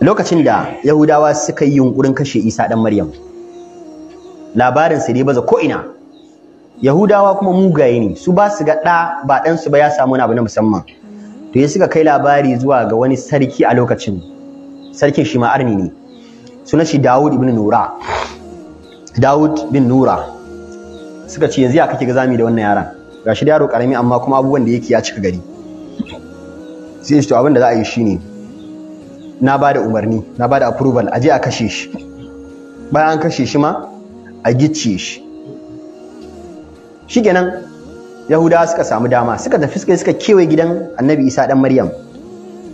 lokacin da yahudawa suka yi yunkurin kashe isa dan maryam labarin su dai baza ko ina yahudawa kuma mugaye ne su ba su ga ɗa ba dan su ba ya samu wani abu na musamman to ya suka kai labari zuwa ga wani sarki a lokacin sarkin shi ma arni ne sunan shi Dawud ibn Nura Dawud bin Nura suka ce yanzu ya kake ga zami da wannan yaran gashi da yaro karami amma kuma abubuwan da yake ya cika gari sai shi to abin da za a yi shine na ba da umarni na ba da approval a je a kashe shi bayan an kashe shi ma a gicciye shi shikenan yahudawa suka samu dama suka tafi suka suka kewaye gidan annabi isa dan maryam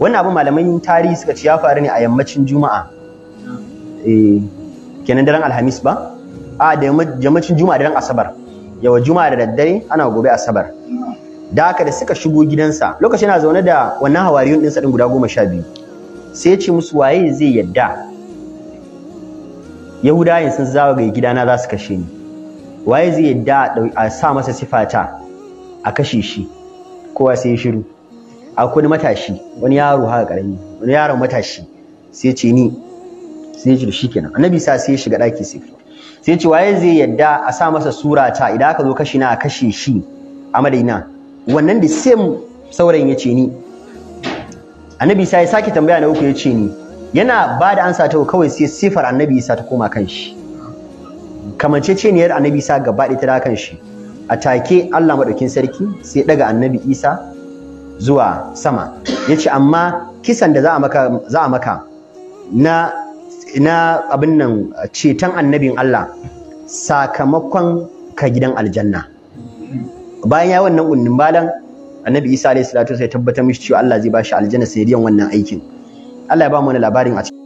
wannan abu malaman tarihi suka ci ya faru ne a yammacin juma'a eh kenan daren alhamis ba a da yammacin juma'a daren asabar yawa juma'a da daddare ana gobe asabar da haka da suka shigo gidansa lokacin yana zaune da wannan hawariyun ɗinsa ɗin guda goma sha biyu sai ya ce musu waye zai yadda yahudayen sun zagaye gidana za su kashe ni waye zai yadda a sa masa sifata a kashe shi kowa sai ya shiru akwai wani matashi wani yaro haka karami wani yaron matashi sai ce ni sai ya ce shi kenan annabi sa sai ya shiga daki sai sai ce waye zai yadda a sa masa surata idan aka zo kashi na a kashe shi a madina wannan da same sauran ya ce ni annabi isa ya sake tambaya na uku ya ce ni yana ba da ansa ta kawai sai sifar annabi isa ta koma kan shi kamanceceniyar annabi isa gaba ɗaya ta da kan shi a take allah maɗaukin sarki sai ɗaga annabi isa zuwa sama ya ce amma kisan da za a maka na na abin nan ceton annabin allah sakamakon ka gidan aljanna bayan ya wannan unnin balan annabi isa alayhi salatu wasallam ya tabbatar mishi cewa Allah zai bashi aljanna sanadiyan wannan aikin Allah ya ba mu labarin a cikin